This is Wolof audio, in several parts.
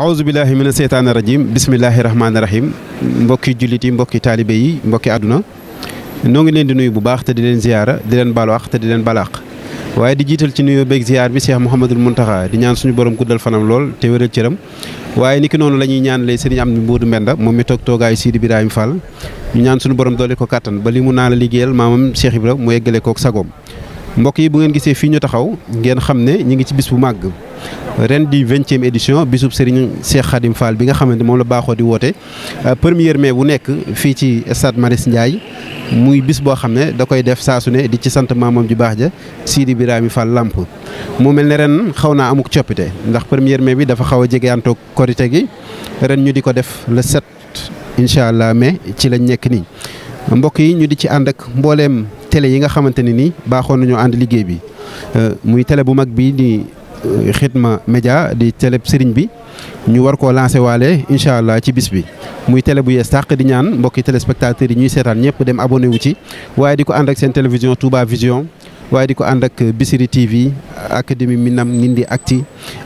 aousubillahi mina seytaani rajim bisimillahi rahmaani rahim mbokki jullit yi mbokki taalibe yi mbokki àdduna noo ngi leen di nuyu bu baax te di leen ziyaara di leen baalu àq te di leen balaax waaye di jiital ci nuyoo beeg ziyaar bi Cheikh Mouhamadul Mountakha di ñaan suñu borom guddal fanam lool te wéral cëram waaye niki noonu la ñuy ñaan lay sëriñ am ni Mboodu Mbenda moom mi toog toogaayu Sidi Ibrahima Fall ñu ñaan suñu borom doole ko kàttan ba li mu naa la liggéeyal maamam Cheikh Ibrahima mu yeggale kook sagoom mbokk yi bu ngeen gisee fii ñu taxaw ngeen xam ne ñu ngi ci bis bu màgg ren di vingtième édition bisub Serigne Cheikh Khadim Fall bi nga xamante moom la baaxoo di woote euh, premier mais bu nekk fii ci stade Maris Ndiaye muy bis boo xam ne da koy def saa su ne di ci sant maamam ju baax ja Sidi Birame Fall làmp mu mel ne ren xaw naa amuk coppite ndax premier mais bi dafa xaw a jege antoog korite gi ren ñu di ko def le 7 incha allah mai ci la nekk nii mbokk yi ci ànd ak télé yi nga xamante ne nii baaxoon nañoo ànd liggéey bi euh, muy télé bu mag bi di Xidma euh, Média di télé sëriñ bi ñu war ko lancé waale incha allah ci bis bi muy télé bu yees tàq di ñaan mbokki tele téléspectateurs yi ñuy seetaan ñëpp dem abonné wu ci waaye di ko ànd ak seen télévision Touba Vision waaye di ko ànd ak Bichri TV académie Minam Ndindy Actu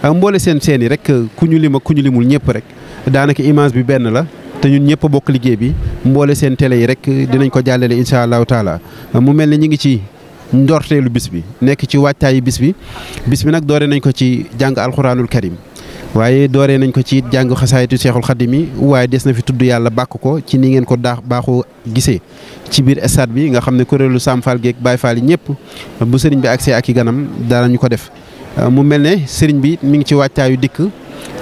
euh, mboole seen seen yi rek ku ñu lim ku ñu limul ñëpp rek daanaka image bi benn la. te ñun ñëpp bokk liggéey bi mboole seen télé yi rek dinañ ko jàllale incha allahu taala mu mel ne ñu ngi ci ndorteelu bis bi nekk ci waajtaayu bis bi bis bi nag doore nañ ko ci jàng alxuraanul karim waaye dooree nañ ko ci jàng xasaayitu seexul xadim mi waaye des na fi tudd yàlla bàkk ko ci ni ngeen ko daax baaxoo gisee ci biir stade bi nga xam ne kuréelu Sam Fall geeg Baye Fall yi ñëpp bu sëriñ bi agsee ak i ganam daanañu ko def mu mel ne sëriñ bi mi ngi ci waajtaayu dikk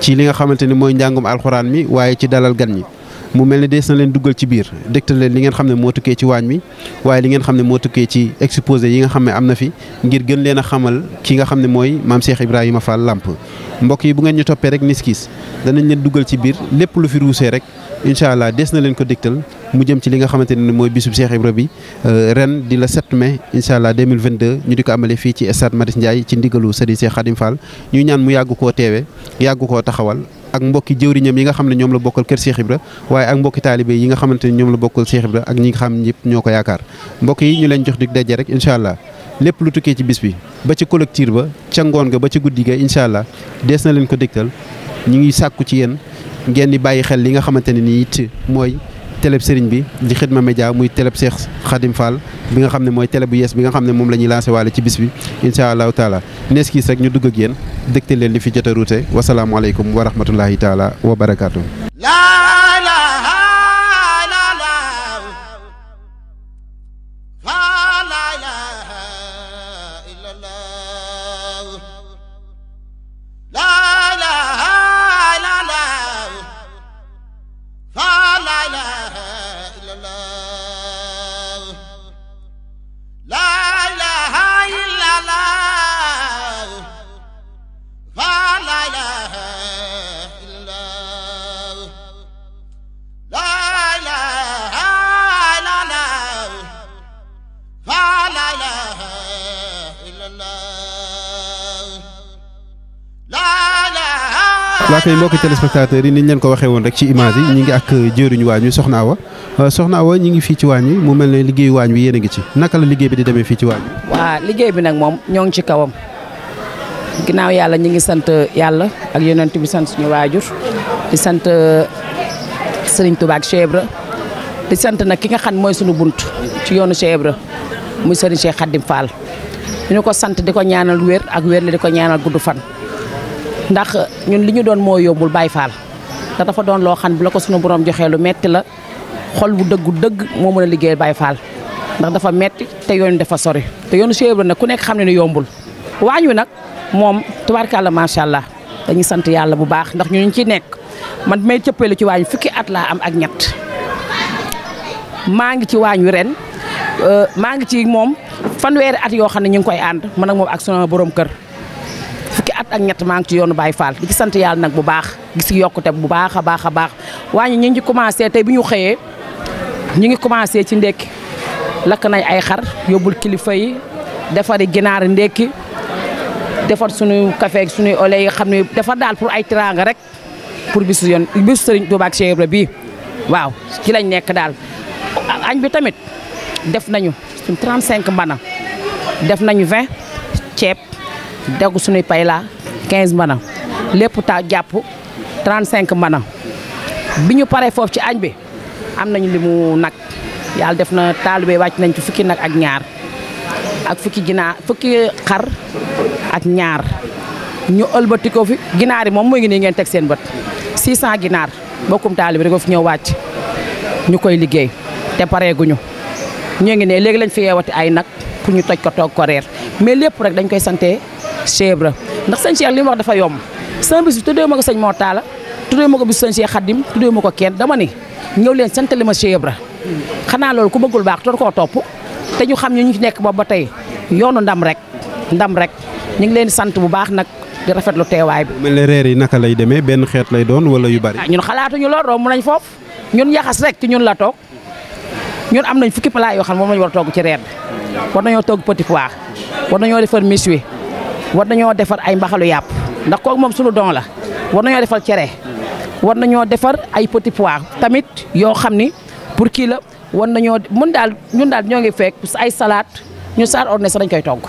ci li nga xamante ne mooy njàngum alxuraan mi waaye ci dalal gan ñi mu mel ni dees na leen duggal ci biir dégtal leen li ngeen xam ne moo tukkee ci waañ mi waaye li ngeen xam ne moo tukkee ci exposé yi nga xam ne am na fi ngir gën leen a xamal ki nga xam ne mooy maam Cheikh Ibrahima Fall Lamp mbokk yi bu ngeen ñu toppee rek niskis danañ leen duggal ci biir lépp lu fi ruusee rek incha allah des na leen ko dégtal mu jëm ci li nga xamante ne mooy bisub Cheikh Ibra bi euh, ren di la 7 mai incha allah 2022 ñu di ko amalee fii ci stade Marius Ndiaye ci ndigalu Serigne Cheikh Khadim Fall ñuy ñaan mu yàgg koo teewee yàgg koo taxawal ak mbokki jëwriñam yi nga xam ne ñoom la bokkal kër Cheikh Ibra waaye ak mbokki taalibe yi nga xamante ne ñoom la bokkal Cheikh Ibra ak ñi nga xam ñëpp ñoo ko yaakaar mbokk yi ñu leen jox dig daje rek incha allah lépp lu tukkee ci bis bi ba ci collectif ba ca ngoon ga ba ci guddi ga incha allah dees na leen ko dégtal ñu ngi sàkku ci yéen ngeen di bàyyi xel li nga xamante ne nii it mooy télé sëriñ bi di Xidma Média muy télé Cheikh Khadim Fall bi nga xam ne mooy télé bu yees bi nga xam ne moom la ñuy lancé waale ci bis bi incha allahu taala nees kiis rek ñu dugg ak yéen dégte leen li fi jot a ruute wasalaamualeykum wa rahmatullahi taala wa barakaatu. waa kay mbokki téléspectateurs yi ni ñu leen ko waxee woon rek ci image yi ñi ngi ak euh, jëruñu waañ wi soxna Awa euh, soxna Awa ñu ngi fii ci waañ wi mu mel ne liggéeyu waañ wi yéen a ngi ci naka la liggéey bi di demee fii ci waañ wi waa liggéey bi nag moom ñoo ngi ci kawam ginnaaw yàlla ñu ngi sant euh, yàlla ak yonent bi sant suñu waajur di sant Sëriñ Tuubaa ak Cheikh di sant nag ki nga xam mooy suñu bunt ci yoonu Cheikh Ibra muy Sëriñ Cheikh Khadim Fall ñu ko sant di ko ñaanal wér ak wér la di ko ñaanal gudd fan ndax ñun li ñu doon moo yombul Baye Fall te dafa doon loo xam bi la ko suñu borom joxee lu metti la xol bu dëgg dëgg moo mën a liggéey Baye Fall ndax dafa metti te yoon dafa sori te yoonu Cheikh Ibrahima nag ku nekk xam ne ne yombul waañ wi nag moom tubaarkàlla macha allah dañuy sant yàlla bu baax ndax ñu ñu ci nekk man may cëppeelu ci waañ fukki at laa am ak ñett maa ngi ci waañ wi ren euh, maa ngi ci moom fan fanweeri at yoo xam ne ñu ngi koy ànd man ak moom ak sunu borom kër at ak ñett maa ngi ci yoonu baay Fall di ci sant yàlla nag bu baax gis yokkute bu baax a baax a baax waañ ñu ngi commencé tey bi ñu xëyee ñu ngi commencé ci ndekk lakk nañ ay xar yóbbul kilifa yi defari ginaar ndekki defar suñu café suñu suñuy ole yi xam ne defar daal pour ay tiraanga rek pour bisu yoon bisu Serigne Touba ak Cheikh bi waaw ci lañ nekk daal añ bi tamit def nañu suñ 35 mbana def nañu 20 ceeb dagg suñuy pay laa 15 mana lépp ta jàpp 35 mana bi ñu paree foofu ci añ bi am nañu limu nag yàlla def na taalibe wàcc nañ ci fukki nag ak ñaar ak fukki ginaar fukki xar ak ñaar ñu ëlbati ko fi ginaar yi moom mu ngi ngeen teg seen bët 600 ginaar bokkum taalibe da ko fi ñëw wàcc ñu koy liggéey te pareeguñu ñu ngi ne léegi lañ fi yeewati ay nag pour ñu toj ko toog ko reer mais lépp rek dañ koy sante Cheikh Ibra ndax sëñ Cheikh li mu wax dafa yomb sama bis bi tuddee ma ko sëñ Mor Talla tuddee ma ko bis sëñ Cheikh Khadim ma ko kenn dama ni ñëw leen ma Cheikh xanaa loolu ku bëggul baax toor koo topp te ñu xam ñu ñu ci nekk boobu ba tey yoonu ndam rek ndam rek ñu ngi leen sant bu baax nag di lu teewaay bi. mel ne reer yi naka lay demee benn xeet lay doon wala yu bari. Ah, ñun xalaatuñu lool romb nañ foofu ñun yaxas rek ci ñun la toog ñun am nañ fukki plat xam moom lañu war ci reer war nañoo defar ay mbaxalu yàpp ndax kooku moom sunu don la war nañoo defar cere war nañoo defar ay petits pois tamit yoo xam ni pour kii la war na ñoo mun daal ñun daal ñoo ngi fekk ay salade ñun saar ordinaire sa dañ koy togg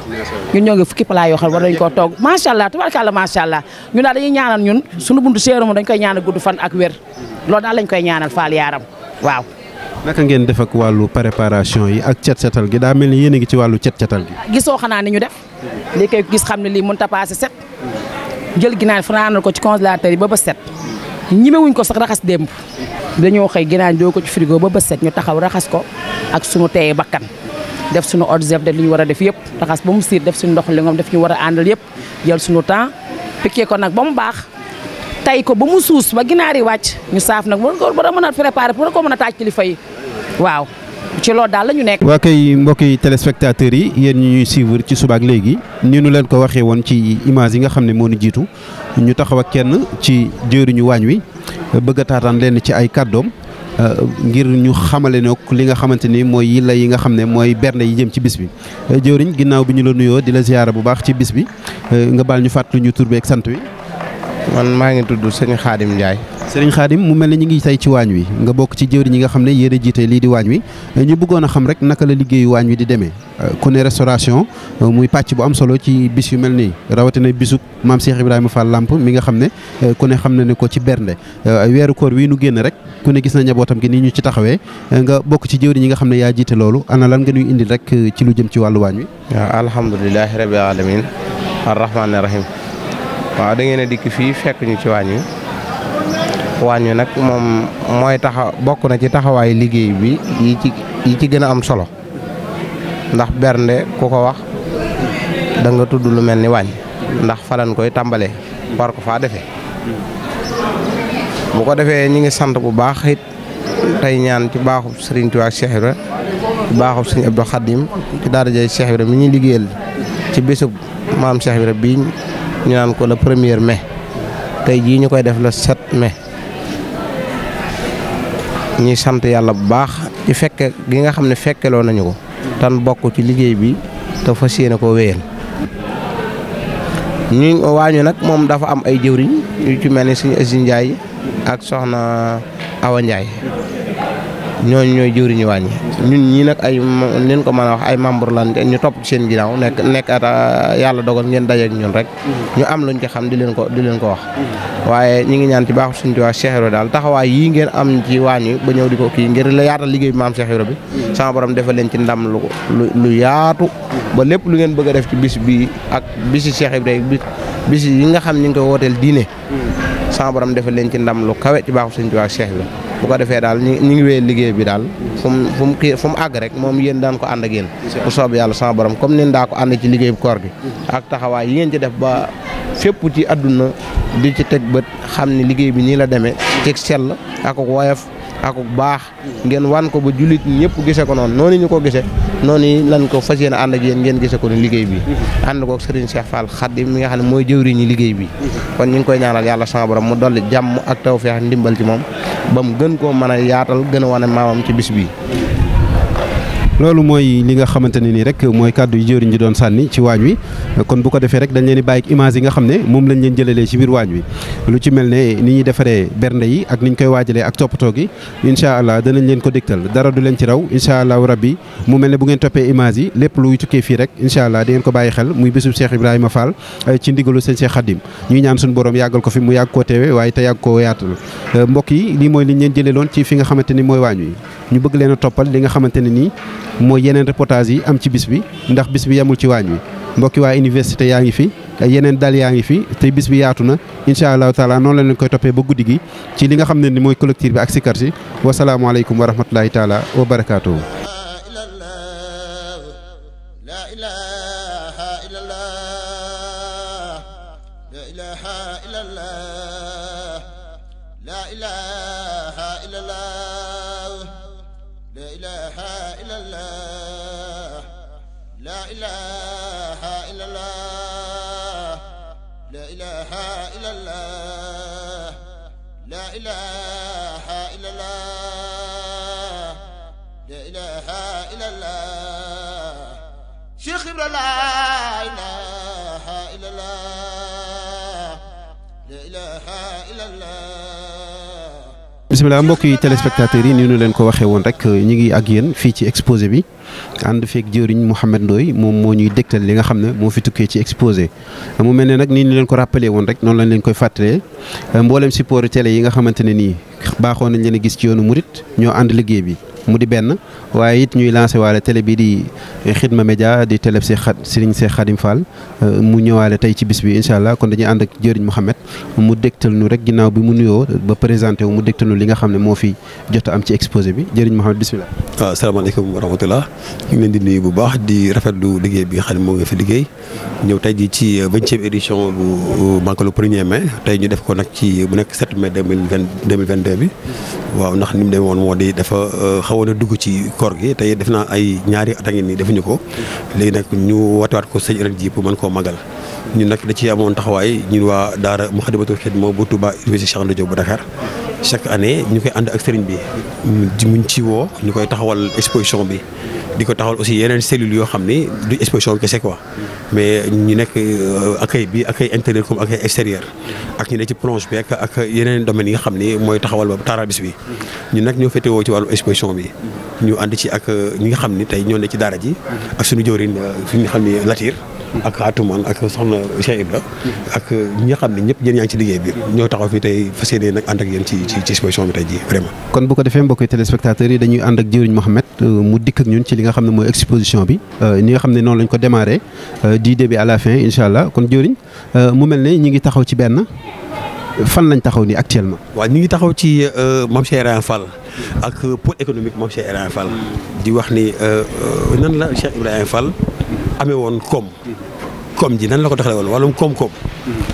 ñun ñoo ngi fukki plat yoo xam war nañ koo togg macha allah tabarkàlla macha allah ñun daal dañuy ñaanal ñun sunu buntu séeréer dañ koy ñaanal gudd fan ak wér lool daal dañ koy ñaanal faal yaaram waaw naka ngeen def ak wàllu préparation yi ak cet setal gi daa mel ni yéen a ngi ci wàllu cet setal gi. gisoo xanaa ni ñu def lii koy gis xam ne lii mënut a paase set jël ginaar fanaanal ko ci congélateur yi ba ba set ñimewuñ ko sax raxas démb dañoo xëy ginaar doo ko ci frigo ba ba set ñu taxaw raxas ko ak sunu teeye bakkan def sunu hors d'œuvre def li ñu war a def yëpp raxas ba mu siir def suñu ndox li ngoom def ñu war a àndal yëpp jël sunu temps piqué ko nag ba mu baax. tay ko ba mu suus ba ginaar yi wàcc ñu saaf nag ba doon mën a préparer pour ko mën a taaj kilifa yi waaw ci loolu daal la ñu nekk. waa kay mbokki téléspectateurs yi yéen ñu ñuy suivre ci suba ak léegi ni nu leen ko waxee woon ci image yi nga xam ne moo ñu jiitu ñu taxaw ak kenn ci jëriñu waañ wi bëgg a taataan ci ay kàddoom euh, ngir ñu xamale ne li nga xamante ni mooy yi yi nga xam ne mooy bernde yi jëm ci bis bi. Euh, jëriñ ginnaaw bi ñu la nuyoo di la ziyaara bu baax ci bis bi euh, nga baal ñu fàttali ñu tur beeg sant wi. man maa ngi tudd sëñ Xaadim Ndiaye. sëñ Xaadim mu mel ni ñu ngi tey ci waañ wi nga bokk ci jëwri ñi nga xam ne yéen jiite lii di waañ wi ñu bëggoon a xam rek naka la liggéeyu waañ wi di deme ku ne restauration muy pàcc bu am solo ci bis yu mel ni rawatina bisub maam Cheikh Ibrahima Fall Lamp mi nga xam ne ku ne xam na ne ko ci bernde euh, weeru koor wii nu génn rek ku ne gis na njabootam gi nii ñu ci taxawee nga bokk ci jëwri ñi nga xam ne yaa jiite loolu ana lan nga ñuy indil rek ci lu jëm ci wàllu waañ wi. waaw alhamdulilah rabbil alamin arrahmaani rahim waaw da ngeen a dikk fi fekk ñu ci wañu wañu nak mom moy tax bokku na ci taxaway liggey bi yi ci yi ci gëna am solo ndax bernde ku ko wax da nga tuddu lu melni ni waañ ndax falan koy tambalé war ko fa défé bu ko défé ñi ngi sant bu baax hit tay ñaan ci baaxu serigne touba Cheikh Ibra ci baaxub Abdou Khadim ci daara jey Cheikh Ibra mi ñuy liggéeyal ci bésub maam Cheikh Ibra bi ñu naan ko le premier mai tey jii ñu koy def le 7 mai ñuy sant yàlla bu baax ci fekke gi nga xam ne fekkeloo nañu ko tan bokk ci liggéey bi te fas yéene ko wéyal ñu waañu nag moom dafa am ay jëwriñ yu ci mel ni suñu Aziz Ndiaye ak soxna Awa Ndiaye ñooñ ñooy jëwriñu waañ yi ñun ñii nag ay leen ko mën a wax ay membre lan ñu topp ci seen ginnaaw nekk nekk at ah, yàlla dogal ngeen dajeek ñun rek ñu am luñ ci xam di leen ko di leen ko wax waaye ñi ngi ñaan ci baaxu suñ tuwaa Cheikh Ibra daal taxawaay yii ngeen am ci waañ yi ba ñëw di ko kii ngir la yaatal liggéey bi maam Cheikh Ibra bi sama borom defal leen ci ndam lu lu yaatu ba lépp lu ngeen bëgg a def ci bis bi ak bisi Cheikh Ibra bi bis yi nga xam ñu ngi koy wooteel diine sama borom defal leen ci ndam lu kawe ci baaxu suñ tuwaa Cheikh Ibra bu ko defee daal ñu ñu ngi wéy liggéey bi daal fu mu fu mu àgg rek moom yéen daan ko ànd ak yéen bu soob yàlla sama borom comme nin daa ko ànd ci liggéey koor gi ak taxawaay yi ci def ba fépp ci àdduna di ci teg bët xam ni liggéey bi nii la demee ci sell ak woyof akuk baax ngeen wan ko ba jullit ñëpp gise ko noonu noonu ñu ko gise noonu lan ko fas yéene ànd ak yéen ngeen gise ko ni liggéey bi ànd kook Serigne Cheikh Fall Khadim mi nga xam ne mooy jëwriñu liggéey bi kon ñu ngi koy ñaanal yàlla sama borom mu dolli jàmm ak tawfeex ndimbal ci moom ba mu gën koo mën a yaatal gën a wane maamam ci bis bi loolu mooy li nga xamante ne nii rek mooy kàddu yi jëriñ ji doon sànni ci waañ wi kon bu ko defee rek dañ leen di bàyyi image yi nga xam ne moom lañ leen jëlalee ci biir waañ wi lu ci mel ne ni ñuy defaree bernde yi ak ni ñu koy waajalee ak toppatoo gi incha allah danañ leen ko dégtal dara du leen ci raw incha allahu rabbi mu mel ne bu ngeen toppee image yi lépp luy tukkee fii rek incha allah di ngeen ko bàyyi xel muy bésub Cheikh Ibrahima Fall eh, ci ndigalu sëñ Cheikh Khadim ñuy ñaan suñu borom yàggal ko fi mu yàgg koo teewe waaye te yàgg koo yaatal eh, mbokk yi lii mooy li ñu jëlee loon ci fi nga xamante ni mooy waañ wi ñu bëgg leen a li nga xamante ne nii mooy yeneen reportage yi am ci bis bi ndax bis bi yamul ci waañ wi mbokki waa université yaa ngi fi yeneen dal yaa ngi fi te bis bi yaatu na incha allahu taala noonu la leen koy toppee ba guddi gi ci li nga xam ne ni mooy collectif bi ak sikar si wasalaamualeykum wa rahmatulahi taala wa barakaatuhu la ilaha illallah لا إله إلا الله لا إله إلا الله لا إله إلا الله لا إله إلا الله لا إله إلا الله شيخ إبراهيم لا إله إلا الله لا إله إلا الله bisimilah mbokk yi téléspectateurs yi ni nu leen ko waxee woon rek ñu ngi ak yéen fii ci exposé bi ànd feeg jëriñ Mouhamed Ndoye moom moo ñuy dégtal li nga xam ne moo fi tukkee ci exposé mu mel ne nag nii ñu leen ko rappelé woon rek noonu lañ leen koy fàttalee mboolem support tele yi nga xamante ne nii baaxoon nañ leen a gis ci yoonu murit ñoo ànd liggéey bi mu di benn waaye it ñuy lancé waale télé bi di Xidma Média di télé si xa Serigne Cheikh Khadim Fall mu ñëwaale tey ci bis bi incha allah kon dañuy ànd ak jëriñ Mouhamed mu dégtal nu rek ginnaaw bi mu nuyoo ba présenté wu mu dégtal nu li nga xam ne moo fi jot am ci exposé bi jëriñ Mouhamed bisimilah. waaw ah, salaamaaleykum wa rahmatulah ñu leen di nuyu bu baax di rafet rafetlu liggéey bi nga xam ne moo ngi fi liggéey ñëw tey jii ci bañ vingtième édition bu Màggalu premier mai tey ñu def ko nag ci bu nekk 7 mai deux mille vingt deux bi. waaw ndax ni mu demee woon moo di dafa euh, xawoon a dugg ci koor gi tey def naa ay ñaari at a ngi nii defuñu ko léegi nag ñu watiwaat ko sëñ ren ji pour mën koo magal. ñun nag da ci amoon taxawaay ñu ñun waa Daara Moukhaddamatoul moo bu tubaa Université Cheikh Anta Diop bu Dakar. chaque année ñu koy ànd ak sëriñ bi. mu ci woo ñu koy taxawal exposition bi. di ko taxawal aussi yeneen cellules yoo xam ni du exposition kese quoi mais ñu nekk euh, accueil bi accueil intérieur comme accueil extérieur ak ñu ne ci plonge bi ak ak yeneen domaines yi nga xam ni mooy taxawal ba taaral bis bi ñu nag ñoo féetewoo ci wàllu exposition bi ñu ànd ci ak euh, ñi nga xam ni tey ñoo ne ci daara ji ak suñu jëwriñ euh, fi xam ni Latir ak Atoumane ak soxna Cheikh Ibra ak ñi nga xam ne ñëpp yéen yaa ci liggéey bi ñoo taxaw fii tey fas yéene nag ànd ak yéen ci ci exposition bi tey jii vraiment kon bu ko defee mbokki téléspectateurs yi dañuy ànd ak jëriñ Mohamed euh, mu dikk ak ñun ci li nga xam ne mooy exposition bi euh, ni nga xam ne noonu lañ ko démarré euh, du début à la fin incha allah kon jëriñ mu mel ne ñi ngi taxaw ci benn fan lañ taxaw nii actuellement. waa ñu ngi taxaw ci Mame Cheikh Ibrahima Fall ak pôle économique Mame Cheikh Ibrahima di wax ni nan la Cheikh Ibrahima amee woon koom koom ji nan la ko taxalee woon wàllum koom-koom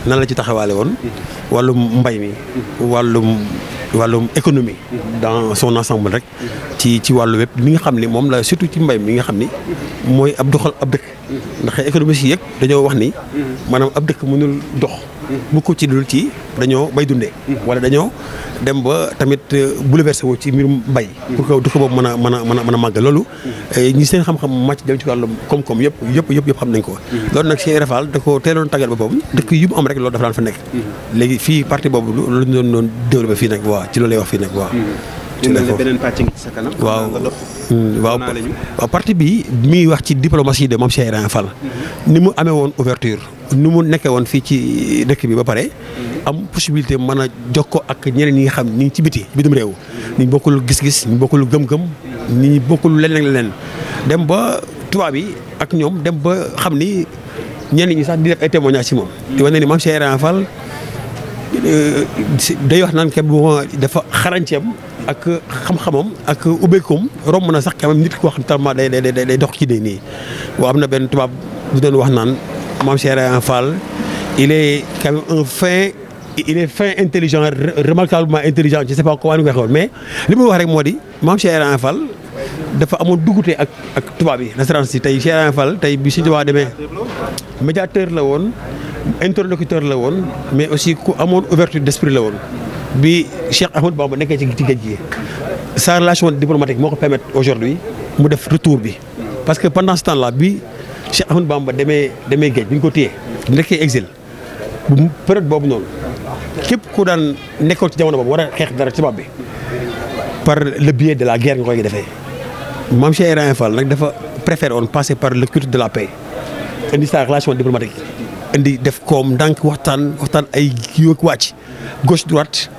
nan la ci taxawaale woon wàllum mbay mi wàllum wàllum économie dans son ensemble rek ci ci wàllu wépp mi nga xam ni moom la surtout ci mbay mi nga xam ni mooy ab doxal ab dëkk ndax économie si yëpp dañoo wax ni maanaam ab dëkk mënul dox bu ko ci dul ci dañoo bay dundee wala dañoo dem ba tamit euh, bouleversé wu ci mbirum bay pour que dëkk boobu mën a mën a mën a mën a màgg loolu ñi seen xam-xam màcc dem ci wàllum koom-koom yëpp yëpp yëpp yëpp xam nañ ko loolu nag Cheikh Rafal da ko teeloon tàggat boppam dëkk yu mu am rek loolu dafa daan fa nekk léegi fii parti boobu loolu ñu doon doon développé fii nag waaw ci loolu lay wax fii nag waaw hmm. ci beneen pàcc ngi ci Mm, waaw waaw parti bi muy wax ci diplomatie de Mame Cheikh Ibrahima Fall ni mu amee woon ouverture ni mu nekkee woon fii ci dëkk bi ba pare mm-hmm. am possibilité mën a ko ak ñeneen ñi nga xam ni ngi ci biti bitim réew mm-hmm. ñu bokkul gis-gis ñu bokkul gëm-gëm mm-hmm. ñu bokkul leneen leneen dem ba tubaab yi ak ñoom dem ba xam ni ñenn ñi sax di def ay témoignage ci moom di wane ni Mame Cheikh Ibrahima Fall euh, day wax naan ke bu dafa xarañceem ak xam-xamam ak ubbeekoom romb na sax quand même nit koo xam tellement day day day dox ci day nii. waaw am na benn tubaab bu doon wax naan maam Cheikh Rayan Fall il est quand fin il est fin intelligent remarquablement intelligent je sais pas comment ni ko mais li muy wax rek moo di maam Cheikh Rayan Fall dafa amoon dugute ak ak tubaab yi référence yi tey Cheikh Rayan Fall tey bi si tubaab demee médiateur la woon interlocuteur la woon mais aussi ku amoon ouverture d'esprit la woon. bi Cheikh Ahmed Bamba nekkee ci géej gi sa relation diplomatique moo ko permettre aujourd'hui mu def retour bi parce que pendant ce temps là bi Cheikh Ahmed Bamba demee demee géej bi ñu ko téyee nekkee exil bu période boobu noonu képp ku daan nekkoon ci jamono boobu war a xeex dara ci tubaab bi par le biais de la guerre nga koy defee Mame Cheikh Ibrahima Fall nag dafa préféré woon passer par le culte de la paix indi sa relation diplomatique indi def koom ndànk waxtaan waxtaan ay kii wàcc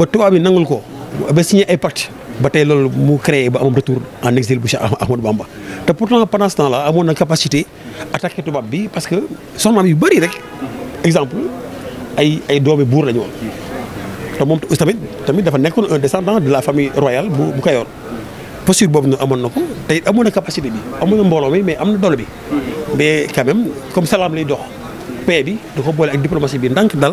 ba tubaab yi nangul ko ba signé ay pacte ba tey loolu mu créé ba amoon retour en exil bu Cheikh Ahmadou Bamba te pourtant pendant amoon na capacité attaqué tubaab bi parce que soxnaam yu bëri rek exemple ay ay doomi buur la ñu te moom tamit tamit dafa nekkoon un descendant de la famille royale bu bu Kayoor posture boobu noonu amoon na ko tey amoon na capacité bi amoon na mbooloo mi mais am na doole bi mais quand comme salaam lay dox paix bi da ko boole ak diplomatie bi ndànk dal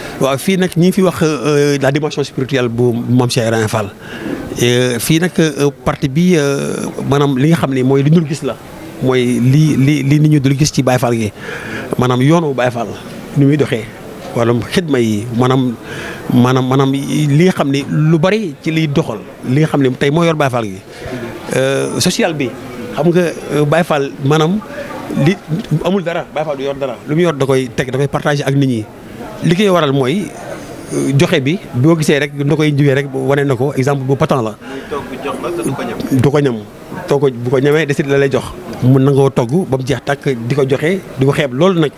waaw fii nag ñi ngi fi wax euh, euh, la dimension spirituelle bu Mame Cheikh Ibrahima Fall euh, fii nag partie bi maanaam li nga xam ni mooy li ñu gis la mooy li li li nit ñu dul gis ci Baye Fall gi maanaam yoonu Baye Fall nu muy doxee walla xidma yi maanaam maanaam maanaam li nga xam ni lu bari ci liy doxal li nga xam ne tey moo yor Baye Fall gi sociale bi xam nga Baye Fall maanaam li amul dara Baye Fall du yor dara lu mu yor da koy teg da koy ak nit ñi. li koy waral mooy euh, joxe bi boo gisee rek na koy jiwee rek wane na ko exemple bu patent la. du ko ñam too ko bu ko ñamee desit la lay jox. mun na nga togg ba mu jeex tàkk di ko joxe di ko xeeb loolu nag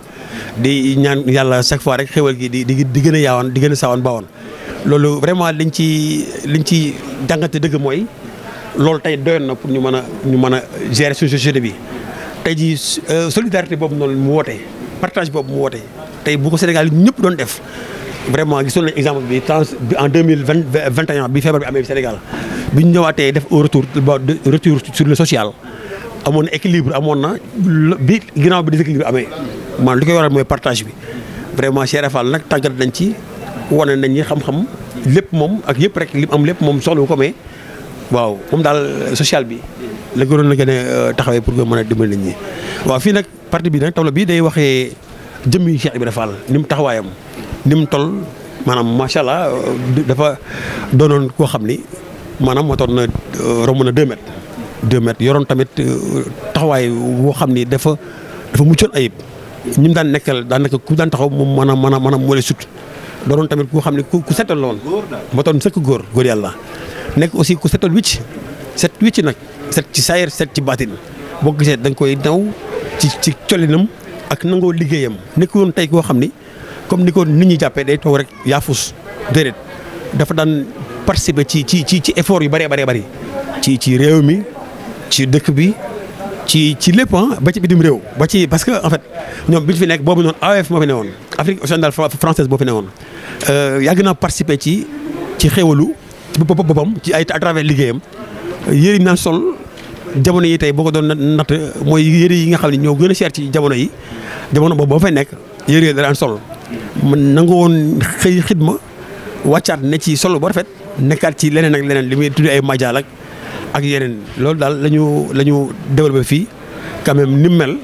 di ñaan yàlla chaque fois rek xéwal gi di di gën a yaawaan di gën a saawan baawoon. loolu vraiment liñ ci liñ ci jàngate dëgg mooy loolu tey doyoon na pour ñu mën a ñu mën a gérer suñu bi tey ji euh, solidarité boobu noonu mu wootee partage boobu mu wootee tey bu ko Sénégal ñëpp doon def vraiment gisoon nañ exemple bi temps bi en deux mille vingt vingt et bi feebar bi amee Sénégal bi ñu ñëwaatee def au retour sur le social amoon na équilibre amoon na bi ginnaaw bi déséquilibre amee maanaam li koy waral mooy partage bi vraiment Cheikh Fall nag tàggat nañ ci wane nañ ñi xam-xam lépp moom ak yëpp rek li am lépp moom soxla ko mais waaw moom daal social bi la gënoon la gën euh, taxawee pour nga mën a dimbali nit ñi jëmmi Cheikh Ibrahima Fall ni mu taxawaayam ni mu toll maanaam macha allah dafa doonoon koo xam ni maanaam moo toon na euh, romb na deux mètres yoroon tamit euh, taxawaay woo xam ni dafa dafa muccoon ayib ñi mu daan nekkal daan nekk ku daan taxaw moom maanaam maanaam maanaam moo lay sut doonoon tamit koo xam ne ku setal loon woon moo toon sëkk góor góor yàlla nekk aussi ku setal wicc set wicc nag set ci saayir set ci baatin boo gisee da koy naw ci ci colinam ak nangoo liggéeyam nekk woon tey koo xam ni comme ni ko nit ñi jàppee day toog rek yaafus déedéet dafa daan participer ci ci ci ci effort yu bëree bëree bëri ci ci réew mi ci dëkk bi ci ci lépp ah, ba ci bitim réew ba ci parce que en fait ñoom bi ñu nekk boobu noonu AOF moo fi newoon Afrique occidentale française boo fi newoon euh, yàgg naa participer ci ci xewalu xéwalu boppam ci ay à travers liggéeyam yëriñ naa sol. jamono yi tey boo ko doon natt mooy yëre yi nga xam ne ñoo gën a cher ci jamono yi jamono boobu boo fay nekk yëre yi da daan sol man nangu woon xëy xidma wàccaat ne ci solo bu rafet nekkaat ci leneen ak leneen li muy tudd ay majaal ak yeneen loolu daal lañu ñu la ñu développé fii quand même ni mel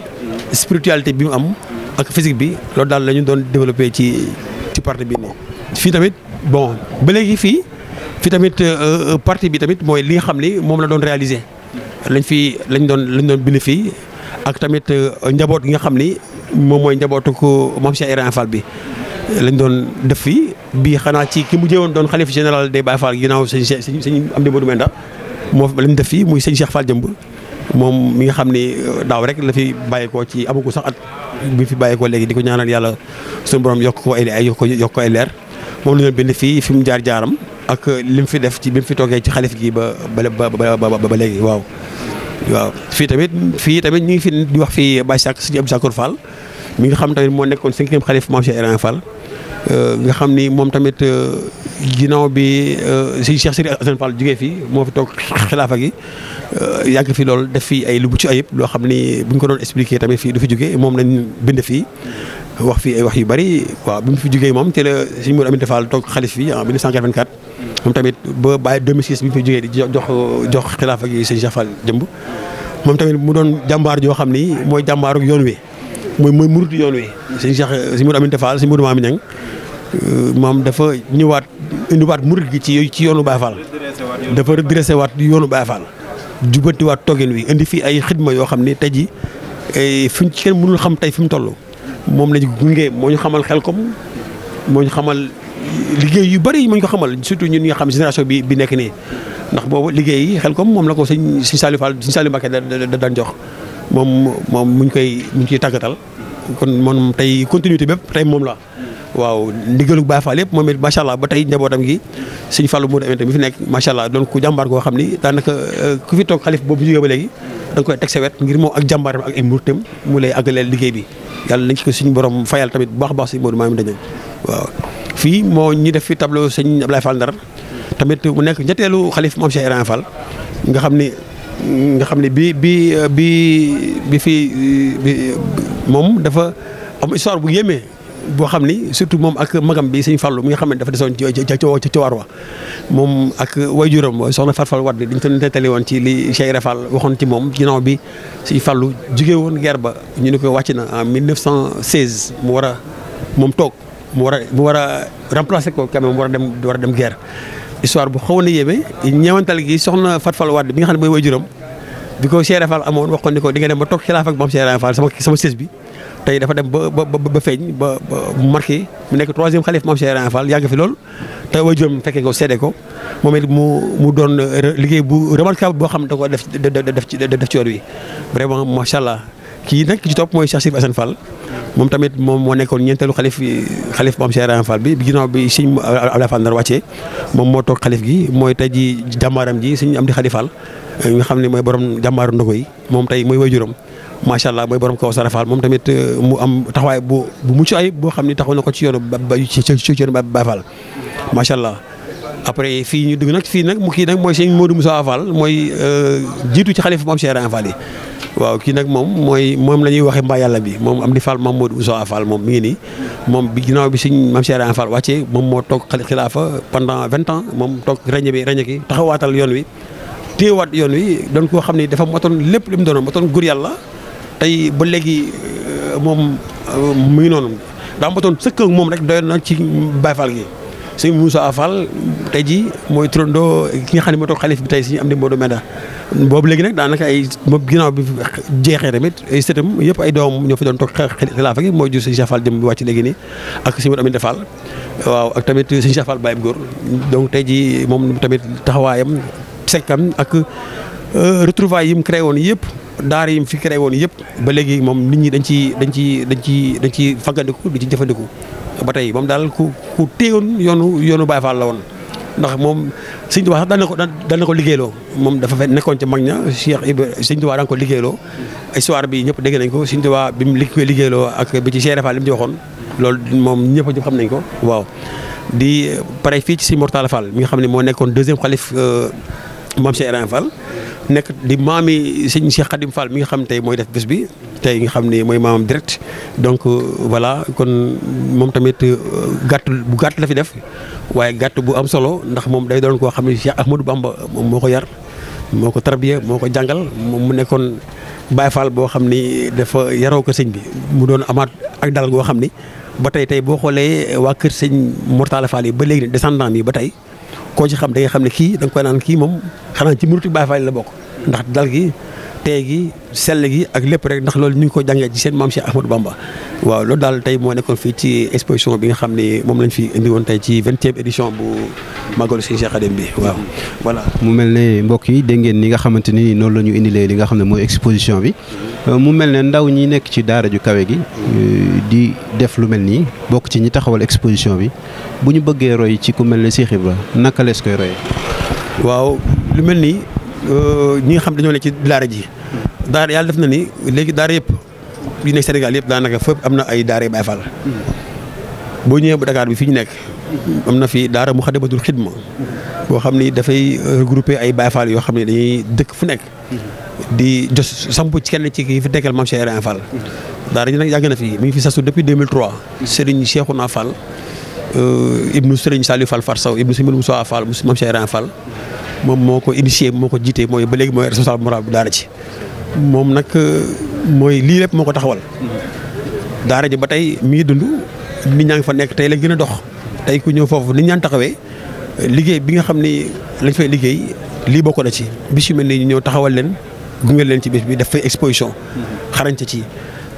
spiritualité bi mu am ak physique bi loolu daal la ñu doon développé ci ci parti bi nii. fii tamit bon ba léegi fii fii tamit euh, euh, parti bi tamit mooy li nga xam ni moom la doon réalisé. lañ fi lañ doon lañ doon bind fii ak tamit euh, njaboot gi nga xam ni moom mooy njabootu ko moom Cheikh Ibrahima Fall bi. lañ doon def fii bii xanaa ci ki mu jëwoon doon xalif général des Baye Fall ginnaaw sëñ sëñ sëñ Amdi Modou Menda moo lañ def fii muy sëñ Cheikh Fall jëmb moom mi nga xam ni euh, daaw rek la fi bàyyeekoo ci amagu sax at bi fi bàyyeekoo léegi di ko ñaanal yàlla suñu borom yokk ko ay yokk ko ay leer moom la ñu bind fii fi mu jaar jaaram. ak lim fi def ci bi mu fi toogee ci xalif gi ba ba ba ba léegi waaw. waaw fii tamit fii tamit ñu ngi fi di wax fii ba Sakk suñu Abdou Sakkour Fall mi nga xam tamit moo nekkoon cinquième xalif Mame Cheikh Ibrahima Fall. Euh, nga xam ni moom tamit euh, ginnaaw bi euh, si Cheikh Sidi Assane Fall jógee moo fi toog xilaafa gi yàgg fi loolu def fii ay lu bu ci ayib loo xam ni bu ñu ko doon expliqué tamit fii du fi jógee moom lañ bind fii. wax fi ay wax yu bari waaw bi mu fi jógee moom te la suñu Modou Aminta Fall toog xalif fi en 1984. moom tamit ba bàyyi 2006 bi mu fi jógee di jox jox xilaaf ak sëñ Cheikh Fall moom tamit mu doon jàmbaar joo xam ni mooy jàmbaaru yoon wi mooy mooy murutu yoon wi sëñ Cheikh suñu Modou Aminta Fall suñu Modou Mame Niang euh, moom dafa ñëwaat indiwaat murit gi ci ci yoonu Baye dafa redressé waat yoonu Baye jubbantiwaat toggin wi indi fi ay xidma yoo xam ni tey jii fuñ kenn mënul xam tey fi mu toll. moom lañu gunge moo ñu xamal Xelcom moo ñu xamal liggéey yu bëri moo ko xamal surtout ñun ñi nga xam génération bi bi nekk nii. ndax boobu liggéey xel Xelcom moom la ko sëñ sëñ Saliou Fall sëñ Saliou Mbacké da daan jox moom moom mu ñu koy mu ñu ciy tàggatal kon moom tey continuité bépp tey moom la. waaw ndigalu Baay Faal yëpp moom it macha allah ba tey njabootam gi suñu fàllu mu amee tamit fi nekk macha allah doon jàmbaar koo xam ni daanaka euh, ku fi toog xalif boobu jógee ba léegi da koy teg sa wet ngir moom ak jàmbaaram ak ay murtam mu lay àggaleel liggéey bi yàlla nañ ko suñu borom fayal tamit bu baax a baax fii moo ñu def fi tableau sëñ Ablaye Fall Ndar tamit mu nekk ñetteelu xalif Mame Cheikh nga xam ni nga xam ne bi bi bi bi fii moom dafa am histoire bu yéemee boo xam ni surtout moom ak magam bi sëñ Fallou mi nga xam ne dafa desoon ca ca waar wa moom ak waajuram soxna Fatou Fall Wade dañu ko nettali woon ci li Cheikh Ibra Fall waxoon ci moom ginnaaw bi sëñ Fallou jugee woon guerre ba ñu ne ko wàcc na en 1916 mu war a moom toog mu war a mu war a remplacer ko quand même mu war a dem war dem guerre histoire bu xawoon na yéeme ñeewantal gi soxna Fatou Fall Wade bi nga xam ne mooy waajuram bi ko Cheikh Fall amoon ko ni ko di nga dem ba toog xilaaf ak moom Cheikh Fall sama sama sës bi tey dafa dem ba ba ba feeñ ba marqué mu nekk troisième xalif moom Cheikh Fall yàgg fi lool te waajuram fekkee ko seede ko moom it mu mu doon liggéey bu remarquable boo xam da ko def def ci def ci yoon wi vraiment macha allah kii nag ci topp mooy Cheikh Sidi Assane Fall moom tamit moom moo nekkoon ñeenteelu xalif xalif bu am Cheikh Ibrahima bi ginnaaw bi sëñ moom moo toog xalif gi mooy tey ji jàmbaaram ji sëñ Amdi Khady Fall nga xam ne mooy borom jàmbaaru ndogo yi moom tey mooy waajuram macha allah mooy borom kaw Sara moom tamit uh, mu am taxawaay bu bu mucc ayib boo xam ne taxaw na ko ci yoonu ba ci ci yoonu Baay Fall macha allah. après fii ñu dugg nag fii nag mu kii nag mooy sëñ Modou Moussa Fall mooy uh, jiitu ci xalif bu am Cheikh Ibrahima yi waaw kii nag moom mooy moom la ñuy waxee mbaa yàlla bi moom am Amdi Fall Mamadou Ousseynou Fall moom mi ngi nii moom bi ginnaaw bi suñ Mame Cheikh Ibrahima Fall wàccee moom moo toog xilaafa pendant vingt ans moom toog reñe bi reñe ki taxawaatal yoon wi téewaat yoon wi doon koo xam ne dafa matoon lépp li mu doonoon matoon góor yàlla tey ba léegi moom mu ngi noonu daa matoon sëkk moom rek doyoon na ci Baye Fall gi sëñ Moussa Fall te jii mooy turandoo ki nga xam ne moo toog xalif bi tey si am di Modou Menda boobu léegi nag daanaka ay moom ginnaaw bi jeexee tamit ay sëtam yëpp ay doomam ñoo fi doon toog xilaafa gi mooy jur sëñ Cheikh Fall jëm bi wàcc léegi nii ak sëñ Modou Amine Fall waaw ak tamit sëñ Cheikh ba bàyyam góor donc tey jii moom tamit taxawaayam sekkam ak euh, retrouvailles yi mu créé woon yëpp daara yi mu fi créé woon yëpp ba léegi moom nit ñi dañ ci dañ ci dañ ci dañ ci faggandiku di ci jëfandiku ba tey moom daal ku ku téyoon yoonu yoonu Baye Fall la woon ndax moom Sëñ Tuubaa sax daan na ko daan na ko liggéeyloo moom dafa fe nekkoon ci mag ña Cheikh histoire bi ñëpp dégg nañ ko Sëñ Tuubaa bi mu li koy liggéeyloo ak bi ci Cheikh Fall li mu ci waxoon loolu moom ñëpp ñëpp xam nañ ko waaw di pare fii ci Sëñ Mortala Fall xam ne moo nekkoon deuxième xalif euh, Mam Cheikh ibrahim Fall nek di maami sëñ Cheikh Khadim Fall mi nga xam tay moy def bes bi tay nga xam ni moy mamam direct donc euh, voilà kon mom tamit euh, gàtt bu gàtt la fi def waye gàtt bu am solo ndax mom day don ko xam ni Cheikh Ahmadou Bamba moko ko yar moko ko tarbiya moko ko jàngal mu nekkon Baye Fall bo xam ni dafa yaro ko sëñ bi mu don amat ak dal go xam ni ba tay tey boo xoolee waa kër Mortala Fall yi ba legui descendant yi ba koo ci xam da nga xam ne kii da nga naan kii moom xanaa ci murutu Baay Faal la bokk ndax dal gi tey gi sell gi ak lépp rek ndax loolu ñu ngi ko jàngee ci seen maam Cheikh Ahmadou Bamba waaw loolu daal tey moo nekkoon fii ci exposition bi nga xam ne moom lañ fi indi woon tey ci vingtième édition bu Magalu Serigne Cheikh Khadim bi waaw voilà. mu mel ne mbokk yi dégg ngeen ni nga xamante ni noonu la ñu indilee li nga xam ne mooy exposition bi euh, mu mel ne ndaw ñi nekk ci daara ju kawe gi euh, di def lu mel nii bokk ci ñi taxawal exposition bi bu ñu bëggee roy ci ku mel ne Cheikh Ibra naka lees koy royee. waaw lu mel nii Euh, ñu nga xam dañoo ne ci daara ji daara yàlla def na ni léegi daara yëpp yi nekk Sénégal yëpp daanaka fépp am na ay daara Baay Faal boo ñëwee bu Dakar bi fi ñu nekk am na fi daara mu Xadimatul Xidma boo xam ni dafay regroupé ay Baay Faal yoo xam ne dañuy dëkk fu nekk di jos samp ci kenn ci kii fi dekkal maam Cheikh Ibrahima Fall daara ji nag yàgg na fi mu ngi fi sasu depuis 2003 Serigne Cheikhouna Fall euh, ibnu Serigne Saliou Fall Farsaw ibnu Serigne Moussa Fall maam Cheikh Ibrahima Fall moom moo ko initié moo ko jiitee mooy ba léegi mooy responsable moral bu daara ji moom nag euh, mooy lii lépp moo ko taxawal daara ji ba tey mii dund nit ñaa ngi fa nekk tey la gën a dox tey ku ñëw foofu nit ñaan taxawee liggéey bi nga xam ni lañ fay liggéey lii bokk na ci bis yu mel ni ñu ñëw taxawal leen gunge leen ci bis bi daf fay exposition xarañte ci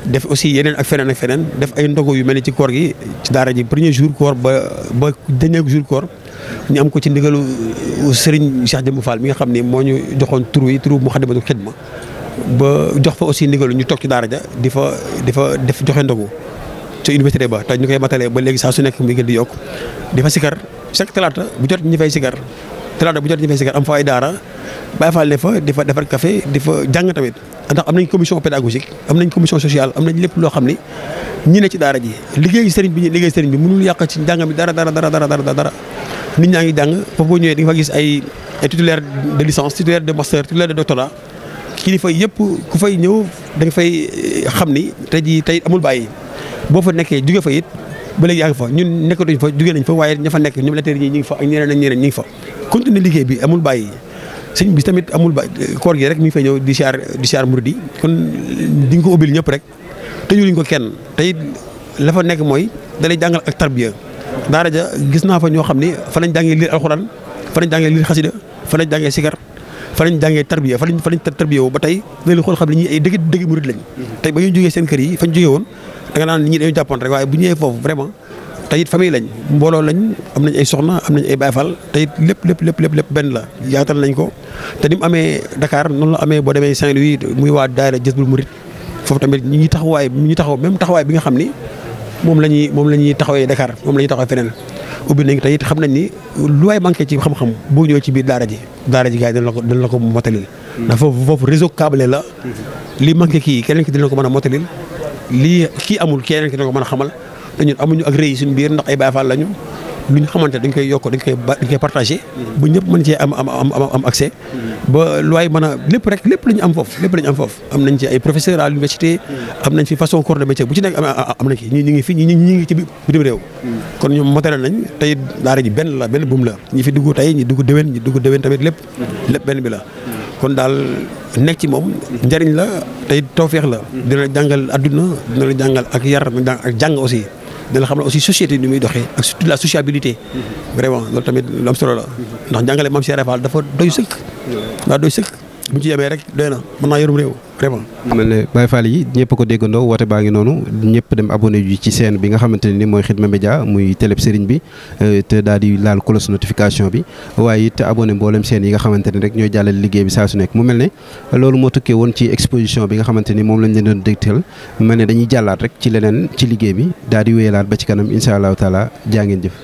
def aussi yeneen ak feneen ak feneen def ay ndogo yu mel ni ci koor gi ci daara ji premier jour koor ba ba dernier jour koor ñu am ko ci ndigalu euh, Serigne Cheikh Jëmb Fall mi nga xam ni moo ñu joxoon tur yi turu Moukhaddamatoul Khidma ba jox fa aussi ndigalu ñu toog ci daara ja di fa di fa def joxe ndogu ci université ba te ñu koy matalee ba léegi saa su nekk muy gën di yokk di fa sikar bu jot ñu fay sikar talaata bu jot ñu fay sikar am fa ay daara bàyyi di fa defar café di fa jàng tamit ndax am nañ commission pédagogique am nañ commission sociale am nañ lépp loo xam ni ñi ne ci daara ji liggéey sëriñ bi liggéey sëriñ bi mënul yàq ci njàng mi dara dara dara dara dara nit ñaa ngi jàng foofu boo ñëwee di nga fa gis ay ay titulaire de licence titulaire de master titulaire de doctorat kilifa yëpp ku fay ñëw da nga fay eh, xam ni tey jii tey amul bàyyi boo fa nekkee jóge fa it ba léegi yaa ngi fa ñun nekkatuñ fa jóge nañ fa waaye ña fa nekk ñoom la tey ñi ñu ngi fa ak ñeneen ak ñeneen ñu ngi bi amul bàyyi sëñ bi tamit amul ba koor gi rek mi ngi fay ñëw di siyaar di siyaar muridi ko ubbil ñëpp rek tëjuluñ ko kenn tey la fa nekk mooy dalay jàngal ak tarbiya daara ja gis naa fa ñoo xam ni fa lañ jàngee liir alxuraan fa lañ jàngee liir xasida fa lañ jàngee sikar fa lañ jàngee tarbiya fa lañ fa lañ tarbiya ba tey nga leen xool xam ne ñii ay dëgg dëgg seen kër yi fañ jógee woon da nga naan ñii dañu jàppoon rek waaye bu ñëwee foofu vraiment te it famille lañ mbooloo lañ am nañ ay soxna am nañ ay bayfal te it lépp lépp lépp lépp lépp benn la yaatal nañ ko te ni mu amee Dakar noonu la amee boo demee Saint-Louis muy waa daayira Jazbul Murid foofu tamit ñi taxawaay ñi taxaw même taxawaay bi nga xam ni moom la ñuy moom la ñuy taxawee Dakar moom la ñuy taxawee feneen ubbi nañ tey it xam nañ ni lu waay manqué ci xam-xam boo ñëwee ci biir daara ji daara ji gars yi dañ la ko dañ la ko motalil. ndax foofu foofu réseau câble la. li manqué kii keneen ki dina ko mën a motalil lii kii amul keneen ki dina ko mën a xamal te ñun amuñu ak rëy biir ndax ay Baay Faal lañu. lu ñu xamante dañ koy yokk dañ koy dañ koy partagé. ba ñëpp mën cee am am am am accès. ba lu waay mën a lépp rek lépp la ñu am foofu lépp la ñu am foofu am nañ ci ay professeurs à l'université. am nañ fi façon corps de métier bu ci nekk am nañ ci ñi ñu ngi fi ñi ñi ngi ci bitim réew. kon ñoom matériel nañ tey daara ji benn la benn buum la ñi fi dugg tey ñi dugg déwén ñi dugg déwén tamit lépp. lépp benn bi la. kon daal nekk ci moom njëriñ la tey tawféex la. dina la jàngal adduna dina la jàngal ak yar ak jàng aussi dana xam ne aussi société ni muy doxee ak surtout la sociabilité. Mhm. vraiment loolu tamit lu solo la. ndax njàngale maam Cheikh Fall dafa doy sëkk. daa doy sëkk. mu ci yebee rek doy na mën naa yorum réew vraiment. mel ne Baye Fall yi ñëpp ko déggandoo woote baa ngi noonu ñëpp dem abonné ji ci seen bi nga xamante ne ni mooy Khidma Média muy télé sëriñ bi euh, te daal di laal cloche notification bi waaye it abonné mboolem chaîne nga xamante ne rek ñooy jàllale liggéey bi saa su nekk mu mel ne loolu moo tukkee woon ci exposition bi nga xamante ni moom lañ leen doon dégtal mel ne dañuy jàllaat rek ci leneen ci liggéey bi daal di wéyalaat ba ci kanam incha allahu taala jaa ngeen jëf.